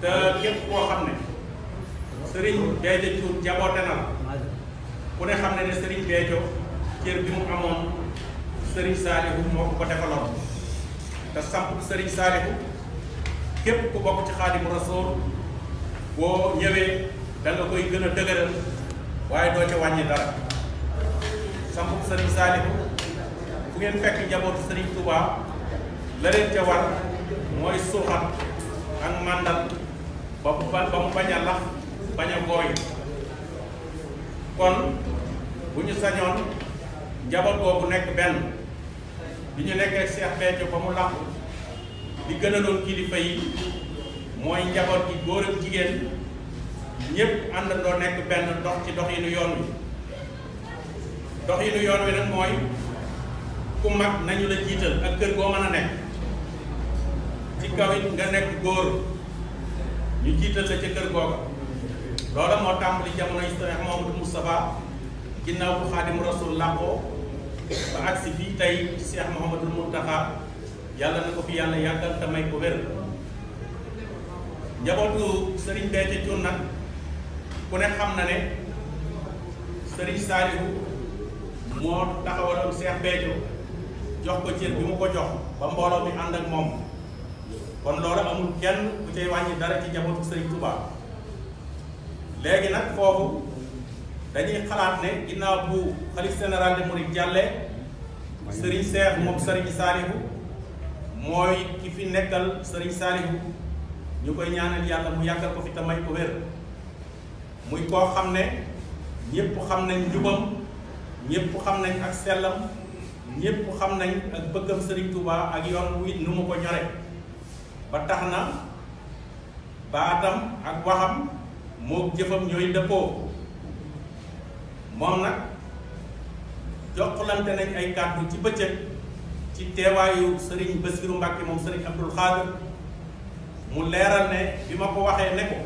te képp koo xam ne sëriñ Béthio Thioune jaboote na la ku ne xam ne ne sëriñ Béthio cër bi mu amoon sëriñ Saalihu moo ko ko defaloon te samp sëriñ Saalihu koy gën a dëgëral waaye doo ca wàññi dara samp sëriñ Saalihu fu ngeen fekk njabootu sëriñ Touba la ca war mooy suuxat ak màndal ba mu ba mu bañ a lax bañ a gooy kon bu ñu sañoon njaboot boobu nekk benn bi ñu nekkee Cheikh Béthio ba mu làqu di gënaloon kilifa yi mooy njaboot gi góor ak jigéen ñépp àndandoo nekk benn dox ci dox yi nu yoon wi dox yi nu yoon wi nag mooy ku mag nañu la jiital ak kër goo mën a nekk ci kaw nga nekk góor ñu jiital la ca kër googa loola moo tàmbali jamono yi Seex Mamadu Moustapha ginnaaw bu Xaadim Rasul làqoo tey Seex Muhammadul Muntaxa yàlla na ko fi yàlla yàggal te may ko wér njabootu Serigne Béthio Thioune nag ku ne xam na ne Serigne Saliou moo taxawaloon Seex Béthio jox ko cër bi mu ko jox ba mbooloo mi ànd ak moom kon loolu amul kenn bu cay wàññi dara ci njabootu Serigne Touba léegi nag foofu dañuy xalaat ne ginnaaw bu xalif général de Mouride jàlle Serigne Seex moom Serigne Saalihu mooy ki fi nekkal sëriñ Saalihu ñu koy ñaanal yàlla mu yàggal ko fi te ko wér muy koo xam ne ñépp xam nañ njubam ñépp xam nañ ak sellam ñépp xam nañ ak bëggam Serigne Touba ak yoon wi nu mu ko ñore ba tax na baatam ak waxam moo jëfam ñooy dëppoo moom nag jokkalante nañ ay kàddu ci bëccëg ci teewaayu sëriñ Basiru Mbàkke moom sëriñ Abdul Xaadir mu leeral ne bi ma ko waxee ne ko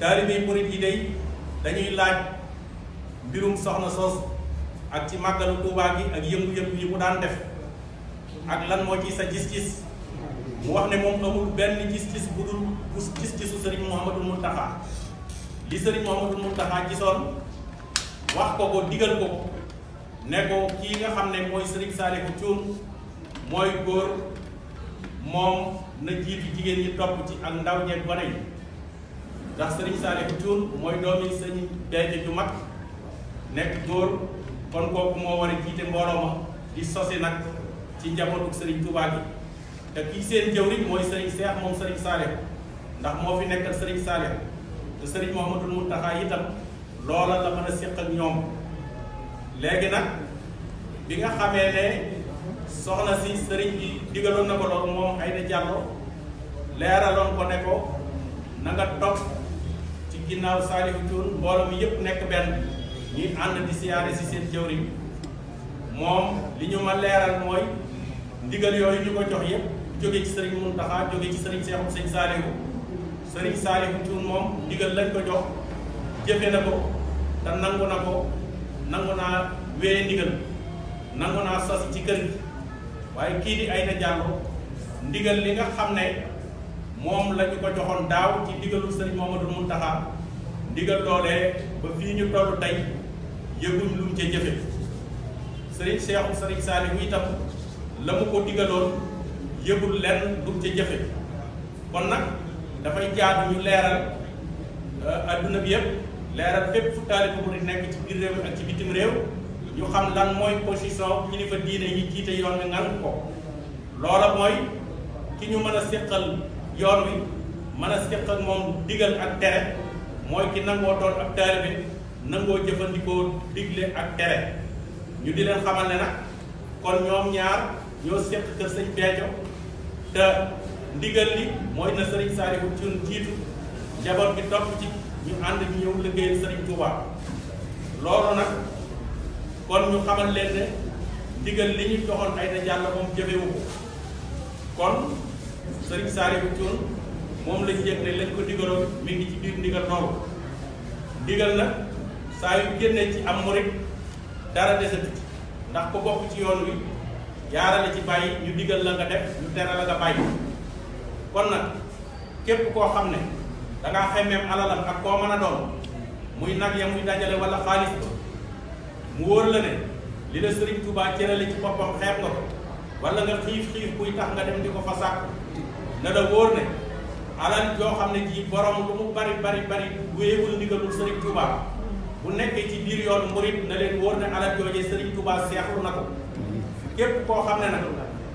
taalibe murit yi day dañuy laaj mbirum soxna soos ak ci màggalu Tuubaa gi ak yëngu-yëngu yi mu daan def ak lan moo ci sa gis-gis mu wax ne moom amul benn gis-gis bu dul bu gis-gisu sëriñ Mouhamadou Mountakha li sëriñ Mouhamadou Mountakha gisoon wax ko ko digal ko ne ko kii nga xam ne mooy sëriñ Saliou Thioune mooy góor moom na jiitu jigéen ñi topp ci ak ndaw ñeeg gone yi mooy doomi sëñ Béthio ju mag nekk góor kon kooku moo war a jiite mbooloo ma di sosi nag ci njabootu sëriñ Touba gi te kii seen jëwriñ mooy Serigne Cheikh moom Serigne Saleh ndax moo fi nekkal Serigne Saleh te Serigne Mouhamadoul Mountakha itam loola la mën a séq ak ñoom léegi nag bi nga xamee ne soxna si sëriñ bi digaloon na ko loolu moom Aïda Diallo leeraloon ko ne ko na ci ginnaaw Saliou Thioune mbooloo mi yëpp nekk benn ñuy ànd di siyaare si seen jëwriñ moom li ñu ma leeral mooy ndigal yooyu ñu ko jox yëpp. jóge ci sëriñ Muntaxa jóge ci sëriñ Seexum sëñ Saalihu sëriñ Saalihu Cuun moom ndigal lañ ko jox jëfe na ko te nangu na ko nangu naa wéye ndigal nangu naa sas ci kër gi waaye kii di Aïda Diallo ndigal li nga xam ne moom la ñu ko joxoon daaw ci ndigalu sëriñ Mamadou Muntaxa ndigal loolee ba fii ñu tollu tey yëguñ lu mu ca jëfe sëriñ Seexum sëriñ Saalihu itam la mu ko digaloon yëgul lenn dug ca jëfe kon nag dafay jaadu ñu leeral euh, adduna bi yëpp leeral fépp fu bu di nekk ci biir réew mi ak ci bitim réew ñu xam lan mooy position kilifa diine yi jiite yoon wi ngan ko loola mooy ki ñu mën a séqal yoon wi mën a séq ak moom digal ak tere mooy ki nangoo doon ab taalibe nangoo jëfandikoo digle ak tere ñu di leen xamal ne nag kon ñoom ñaar ñoo séq kër sëñ Béthio te ndigal li mooy na Serigne Saliou Thioune jiitu njaboot bi topp ci ñu ànd ñu ñëw liggéeyal Serigne Touba loolu nag kon ñu xamal leen ne ndigal li ñu joxoon ay na jàll moom jëfewu ko kon Serigne Saliou Thioune moom lañ yëg ne lañ ko digaloon mi ngi ci biir ndigal noonu ndigal nag saa yu génnee ci am murit dara desatu ndax ko bokk ci yoon wi jaara la ci bàyyi ñu digal la nga def ñu tere la nga bàyyi kon nag képp koo xam ne dangaa xemmeem alalam ak koo mën a doon muy nag ya muy dajale wala xaalis ba mu wóor la ne li la sëriñ Tuubaa cërale ci boppam xeeb nga ko wala nga xiif xiif buy tax nga dem di ko fa sàkk na la wóor ne alal joo xam ne ji borom lu mu bari bari bari wéyewul ndigalul sëriñ Tuubaa bu nekkee ci biir yoonu murit na leen wóor ne alal joojee sëriñ Tuubaa seexlu na ko képp koo xam ne nag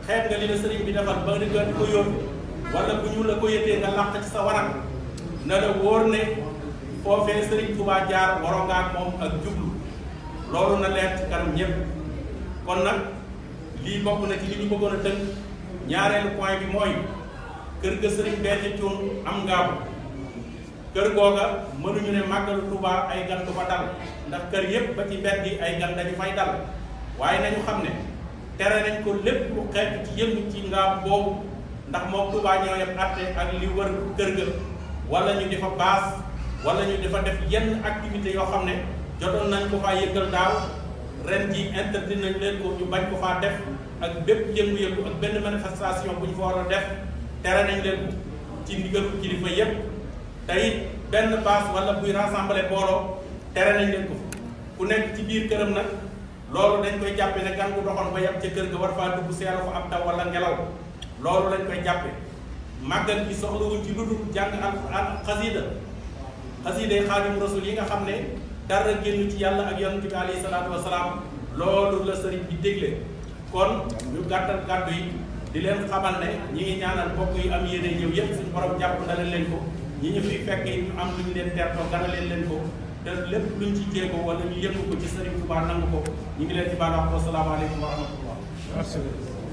xeet nga li la sëriñ bi defal ba nga di ko yóbbu wala bu ñu la ko yëtee nga làq ci sa waral na la wóor ne foofee sëriñ Tuubaa jaar waroo nga ak moom ak jublu loolu na leer ci kanam ñépp kon nag lii bokk na ci li ñu bëggoon a ñaareelu point bi mooy kër ga sëriñ benn cuun am ngaabu kër googa mënuñu ne màggalu Tuubaa ay gan du fa dal ndax kër yépp ba ci mbedd ay gan dañu fay dal waaye nañu xam ne tere nañ ko lépp lu xeetu ci yëngu ci ngaam boobu ndax moo Tuubaa ñoo yem àtte ak li wër kër ga wala ñu di fa baas wala ñu di fa def yenn activité yoo xam ne jotoon nañ ko faa yëgal daaw ren ji interdit nañ leen ko ñu bañ ko faa def ak bépp jën yëngu ak benn manifestation bu ñu fa war a def tere nañ leen ci ndigalu kilifa yépp te benn baas walla buy rassembler booloo tere nañ leen ko ku nekk ci biir këram nag loolu dañ koy jàppe ne gan gu doxoon ba yam ca kër ga war faa dugg seela fa ab taw wala ngelaw loolu lañ koy jàppe màggal gi soxlawuñ ci lu dul jàng alxuraan xasiida xasiiday xaadim yi nga xam ne dara génn ci yàlla ak yonent bi alayhi salaatu wasalaam loolu la sëriñ bi dégle kon ñu gàttal kàddu yi di leen xamal ne ñi ngi ñaanal mbokk yu am yéene ñëw yëpp suñu borom jàpp na leen ko ñi ñu fiy fekk yi am lu ñu leen tertoo gana leen leen ko def lépp luñ ci jéego wala ñu yëngu ko ci Serigne Touba nangu ko ñu ngi leen di baal wax ko salaamaaleykum wa rahmatullah